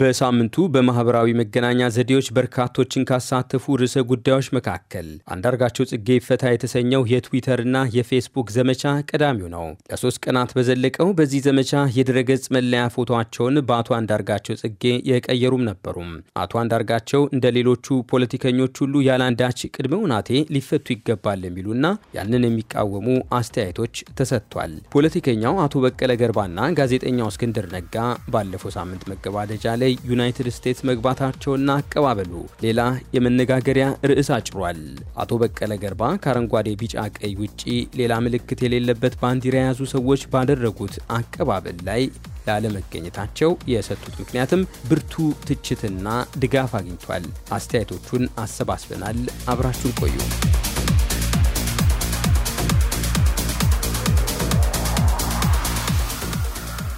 በሳምንቱ በማህበራዊ መገናኛ ዘዴዎች በርካቶችን ካሳተፉ ርዕሰ ጉዳዮች መካከል አንዳርጋቸው ጽጌ ይፈታ የተሰኘው የትዊተርና የፌስቡክ ዘመቻ ቀዳሚው ነው። ለሶስት ቀናት በዘለቀው በዚህ ዘመቻ የድረገጽ መለያ ፎቶቸውን በአቶ አንዳርጋቸው ጽጌ የቀየሩም ነበሩም። አቶ አንዳርጋቸው እንደ ሌሎቹ ፖለቲከኞች ሁሉ ያለአንዳች ቅድመ ሁናቴ ሊፈቱ ይገባል የሚሉና ያንን የሚቃወሙ አስተያየቶች ተሰጥቷል። ፖለቲከኛው አቶ በቀለ ገርባና ጋዜጠኛው እስክንድር ነጋ ባለፈው ሳምንት መገባደጃ ላይ ዩናይትድ ስቴትስ መግባታቸውና አቀባበሉ ሌላ የመነጋገሪያ ርዕስ አጭሯል። አቶ በቀለ ገርባ ከአረንጓዴ ቢጫ ቀይ ውጪ ሌላ ምልክት የሌለበት ባንዲራ የያዙ ሰዎች ባደረጉት አቀባበል ላይ ላለመገኘታቸው የሰጡት ምክንያትም ብርቱ ትችትና ድጋፍ አግኝቷል። አስተያየቶቹን አሰባስበናል። አብራችሁን ቆዩ።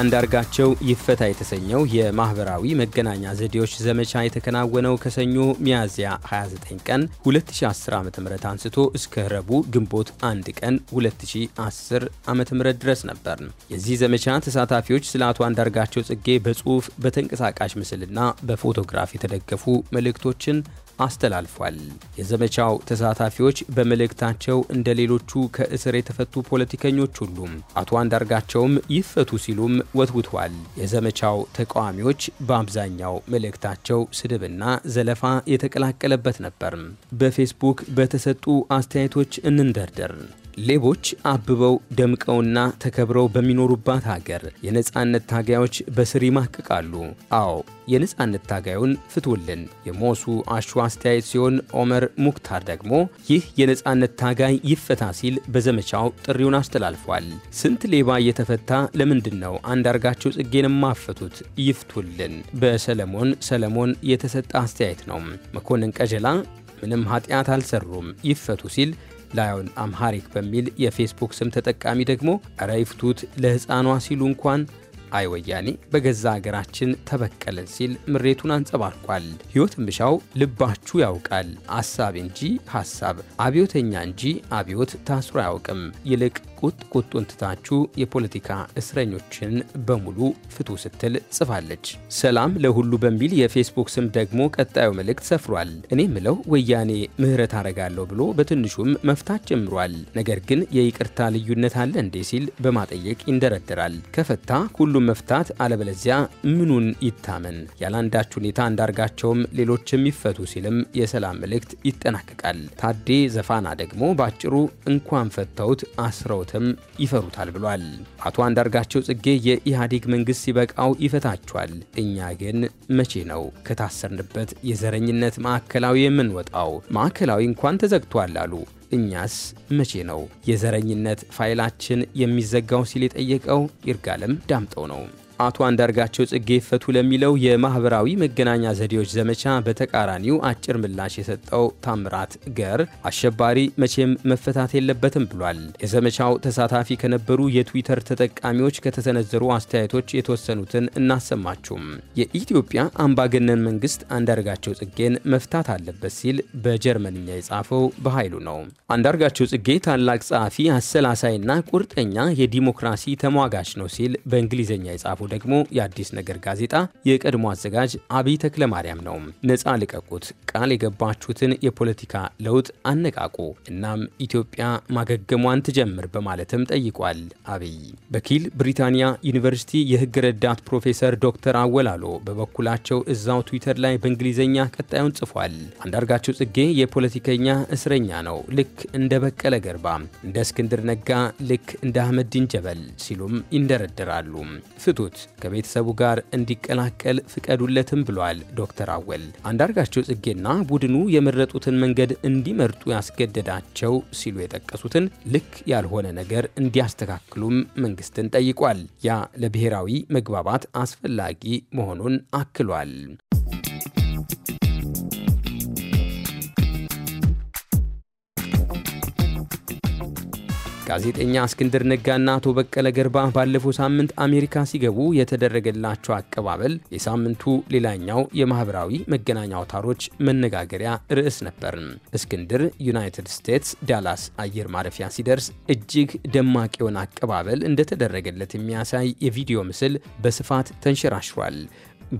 አንዳርጋቸው ይፈታ የተሰኘው የማህበራዊ መገናኛ ዘዴዎች ዘመቻ የተከናወነው ከሰኞ ሚያዝያ 29 ቀን 2010 ዓ ም አንስቶ እስከ ረቡዕ ግንቦት 1 ቀን 2010 ዓ ም ድረስ ነበር። የዚህ ዘመቻ ተሳታፊዎች ስለ አቶ አንዳርጋቸው ጽጌ በጽሁፍ በተንቀሳቃሽ ምስልና በፎቶግራፍ የተደገፉ መልእክቶችን አስተላልፏል። የዘመቻው ተሳታፊዎች በመልእክታቸው እንደ ሌሎቹ ከእስር የተፈቱ ፖለቲከኞች ሁሉም አቶ አንዳርጋቸውም ይፈቱ ሲሉም ወትውቷል። የዘመቻው ተቃዋሚዎች በአብዛኛው መልእክታቸው ስድብና ዘለፋ የተቀላቀለበት ነበር። በፌስቡክ በተሰጡ አስተያየቶች እንንደርደር። ሌቦች አብበው ደምቀውና ተከብረው በሚኖሩባት ሀገር የነፃነት ታጋዮች በስር ይማቅቃሉ። አዎ የነፃነት ታጋዩን ፍትውልን የሞሱ አሹ አስተያየት ሲሆን፣ ኦመር ሙክታር ደግሞ ይህ የነፃነት ታጋይ ይፈታ ሲል በዘመቻው ጥሪውን አስተላልፏል። ስንት ሌባ እየተፈታ ለምንድን ነው አንዳርጋቸው ጽጌን ማፈቱት? ይፍቱልን። በሰለሞን ሰለሞን የተሰጠ አስተያየት ነው። መኮንን ቀጀላ ምንም ኃጢአት አልሰሩም ይፈቱ ሲል ላዮን አምሃሪክ በሚል የፌስቡክ ስም ተጠቃሚ ደግሞ እረ ይፍቱት ለሕፃኗ ሲሉ እንኳን አይወያኔ በገዛ አገራችን ተበቀለን ሲል ምሬቱን አንጸባርቋል። ሕይወት ምሻው ልባችሁ ያውቃል፣ አሳብ እንጂ ሐሳብ፣ አብዮተኛ እንጂ አብዮት ታስሮ አያውቅም። ይልቅ ቁጥ ቁጡን ትታችሁ የፖለቲካ እስረኞችን በሙሉ ፍቱ ስትል ጽፋለች። ሰላም ለሁሉ በሚል የፌስቡክ ስም ደግሞ ቀጣዩ መልእክት ሰፍሯል። እኔ ምለው ወያኔ ምህረት አረጋለሁ ብሎ በትንሹም መፍታት ጀምሯል። ነገር ግን የይቅርታ ልዩነት አለ እንዴ ሲል በማጠየቅ ይንደረደራል። ከፈታ ሁሉም መፍታት፣ አለበለዚያ ምኑን ይታመን? ያለአንዳች ሁኔታ እንዳርጋቸውም ሌሎችም ይፈቱ ሲልም የሰላም መልእክት ይጠናቀቃል። ታዴ ዘፋና ደግሞ በአጭሩ እንኳን ፈታውት አስረው አገልግሎትም ይፈሩታል ብሏል። አቶ አንዳርጋቸው ጽጌ የኢህአዴግ መንግስት ሲበቃው ይፈታቸዋል፣ እኛ ግን መቼ ነው ከታሰርንበት የዘረኝነት ማዕከላዊ የምንወጣው? ማዕከላዊ እንኳን ተዘግቷል አሉ። እኛስ መቼ ነው የዘረኝነት ፋይላችን የሚዘጋው ሲል የጠየቀው ይርጋለም ዳምጠው ነው። አቶ አንዳርጋቸው ጽጌ ይፈቱ ለሚለው የማህበራዊ መገናኛ ዘዴዎች ዘመቻ በተቃራኒው አጭር ምላሽ የሰጠው ታምራት ገር አሸባሪ መቼም መፈታት የለበትም ብሏል። የዘመቻው ተሳታፊ ከነበሩ የትዊተር ተጠቃሚዎች ከተሰነዘሩ አስተያየቶች የተወሰኑትን እናሰማችሁም። የኢትዮጵያ አምባገነን መንግስት አንዳርጋቸው ጽጌን መፍታት አለበት ሲል በጀርመንኛ የጻፈው በኃይሉ ነው። አንዳርጋቸው ጽጌ ታላቅ ጸሐፊ፣ አሰላሳይና ቁርጠኛ የዲሞክራሲ ተሟጋች ነው ሲል በእንግሊዝኛ የጻፉ ያቀረበው ደግሞ የአዲስ ነገር ጋዜጣ የቀድሞ አዘጋጅ አብይ ተክለ ማርያም ነው። ነፃ ልቀቁት፣ ቃል የገባችሁትን የፖለቲካ ለውጥ አነቃቁ፣ እናም ኢትዮጵያ ማገገሟን ትጀምር በማለትም ጠይቋል። አብይ በኪል ብሪታንያ ዩኒቨርሲቲ የህግ ረዳት ፕሮፌሰር ዶክተር አወላሎ በበኩላቸው እዛው ትዊተር ላይ በእንግሊዝኛ ቀጣዩን ጽፏል። አንዳርጋቸው ጽጌ የፖለቲከኛ እስረኛ ነው፣ ልክ እንደ በቀለ ገርባ፣ እንደ እስክንድር ነጋ፣ ልክ እንደ አህመድ ዲንጀበል ሲሉም ይንደረድራሉ። ፍቱት ያሉት። ከቤተሰቡ ጋር እንዲቀላቀል ፍቀዱለትም ብሏል ዶክተር አወል። አንዳርጋቸው ጽጌና ቡድኑ የመረጡትን መንገድ እንዲመርጡ ያስገደዳቸው ሲሉ የጠቀሱትን ልክ ያልሆነ ነገር እንዲያስተካክሉም መንግስትን ጠይቋል። ያ ለብሔራዊ መግባባት አስፈላጊ መሆኑን አክሏል። ጋዜጠኛ እስክንድር ነጋና አቶ በቀለ ገርባ ባለፈው ሳምንት አሜሪካ ሲገቡ የተደረገላቸው አቀባበል የሳምንቱ ሌላኛው የማህበራዊ መገናኛ አውታሮች መነጋገሪያ ርዕስ ነበር። እስክንድር ዩናይትድ ስቴትስ ዳላስ አየር ማረፊያ ሲደርስ እጅግ ደማቅ የሆነ አቀባበል እንደተደረገለት የሚያሳይ የቪዲዮ ምስል በስፋት ተንሸራሽሯል።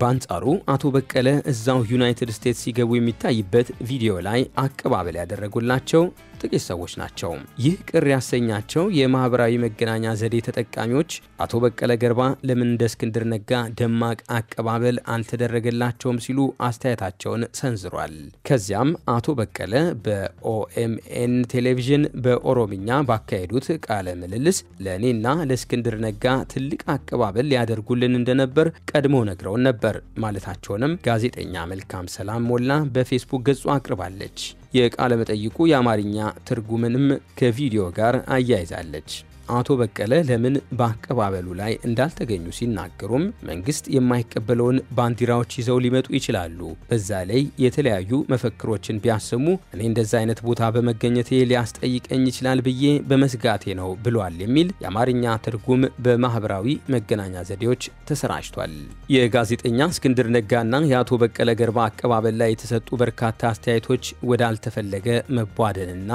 በአንጻሩ አቶ በቀለ እዛው ዩናይትድ ስቴትስ ሲገቡ የሚታይበት ቪዲዮ ላይ አቀባበል ያደረጉላቸው ጥቂት ሰዎች ናቸው። ይህ ቅር ያሰኛቸው የማኅበራዊ መገናኛ ዘዴ ተጠቃሚዎች አቶ በቀለ ገርባ ለምን እንደ እስክንድር ነጋ ደማቅ አቀባበል አልተደረገላቸውም ሲሉ አስተያየታቸውን ሰንዝሯል። ከዚያም አቶ በቀለ በኦኤምኤን ቴሌቪዥን በኦሮምኛ ባካሄዱት ቃለ ምልልስ ለእኔና ለእስክንድር ነጋ ትልቅ አቀባበል ሊያደርጉልን እንደነበር ቀድሞ ነግረውን ነበር ነበር ማለታቸውንም ጋዜጠኛ መልካም ሰላም ሞላ በፌስቡክ ገጹ አቅርባለች። የቃለ መጠይቁ የአማርኛ ትርጉምንም ከቪዲዮ ጋር አያይዛለች። አቶ በቀለ ለምን በአቀባበሉ ላይ እንዳልተገኙ ሲናገሩም መንግስት የማይቀበለውን ባንዲራዎች ይዘው ሊመጡ ይችላሉ። በዛ ላይ የተለያዩ መፈክሮችን ቢያሰሙ እኔ እንደዛ አይነት ቦታ በመገኘቴ ሊያስጠይቀኝ ይችላል ብዬ በመስጋቴ ነው ብሏል የሚል የአማርኛ ትርጉም በማህበራዊ መገናኛ ዘዴዎች ተሰራጭቷል። የጋዜጠኛ እስክንድር ነጋና የአቶ በቀለ ገርባ አቀባበል ላይ የተሰጡ በርካታ አስተያየቶች ወዳልተፈለገ መቧደንና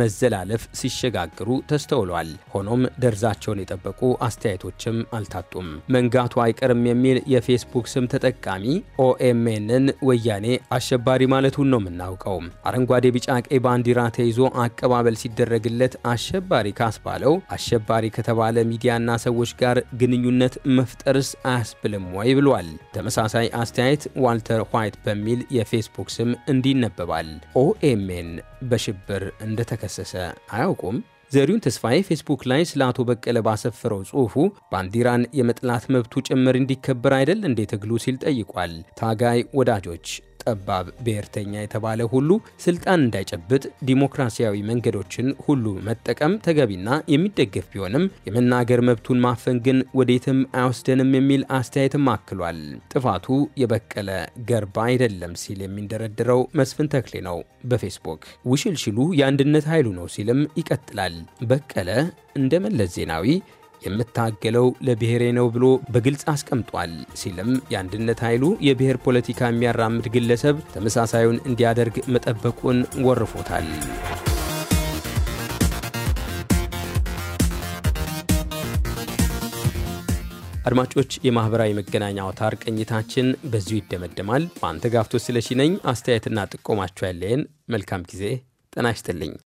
መዘላለፍ ሲሸጋግሩ ተስተውሏል። ሆኖም ደርዛቸውን የጠበቁ አስተያየቶችም አልታጡም። መንጋቱ አይቀርም የሚል የፌስቡክ ስም ተጠቃሚ ኦኤምኤንን ወያኔ አሸባሪ ማለቱን ነው የምናውቀው። አረንጓዴ ቢጫ ቀይ ባንዲራ ተይዞ አቀባበል ሲደረግለት አሸባሪ ካስባለው አሸባሪ ከተባለ ሚዲያና ሰዎች ጋር ግንኙነት መፍጠርስ አያስብልም ወይ ብሏል። ተመሳሳይ አስተያየት ዋልተር ዋይት በሚል የፌስቡክ ስም እንዲነበባል ኦኤምኤን በሽብር እንደተከሰሰ አያውቁም? ዘሪሁን ተስፋዬ ፌስቡክ ላይ ስለ አቶ በቀለ ባሰፈረው ጽሑፉ ባንዲራን የመጥላት መብቱ ጭምር እንዲከበር አይደል እንዴ ትግሉ ሲል ጠይቋል። ታጋይ ወዳጆች ጠባብ ብሔርተኛ የተባለ ሁሉ ስልጣን እንዳይጨብጥ ዲሞክራሲያዊ መንገዶችን ሁሉ መጠቀም ተገቢና የሚደገፍ ቢሆንም የመናገር መብቱን ማፈን ግን ወዴትም አይወስደንም የሚል አስተያየትም አክሏል። ጥፋቱ የበቀለ ገርባ አይደለም ሲል የሚንደረድረው መስፍን ተክሌ ነው በፌስቡክ ውሽልሽሉ የአንድነት ኃይሉ ነው ሲልም ይቀጥላል። በቀለ እንደ መለስ ዜናዊ የምታገለው ለብሔሬ ነው ብሎ በግልጽ አስቀምጧል ሲልም የአንድነት ኃይሉ የብሔር ፖለቲካ የሚያራምድ ግለሰብ ተመሳሳዩን እንዲያደርግ መጠበቁን ወርፎታል። አድማጮች፣ የማኅበራዊ መገናኛ አውታር ቅኝታችን በዚሁ ይደመደማል። ማንተጋፍቶ ስለሺ ነኝ። አስተያየትና ጥቆማችሁ ያለየን። መልካም ጊዜ። ጤና ይስጥልኝ።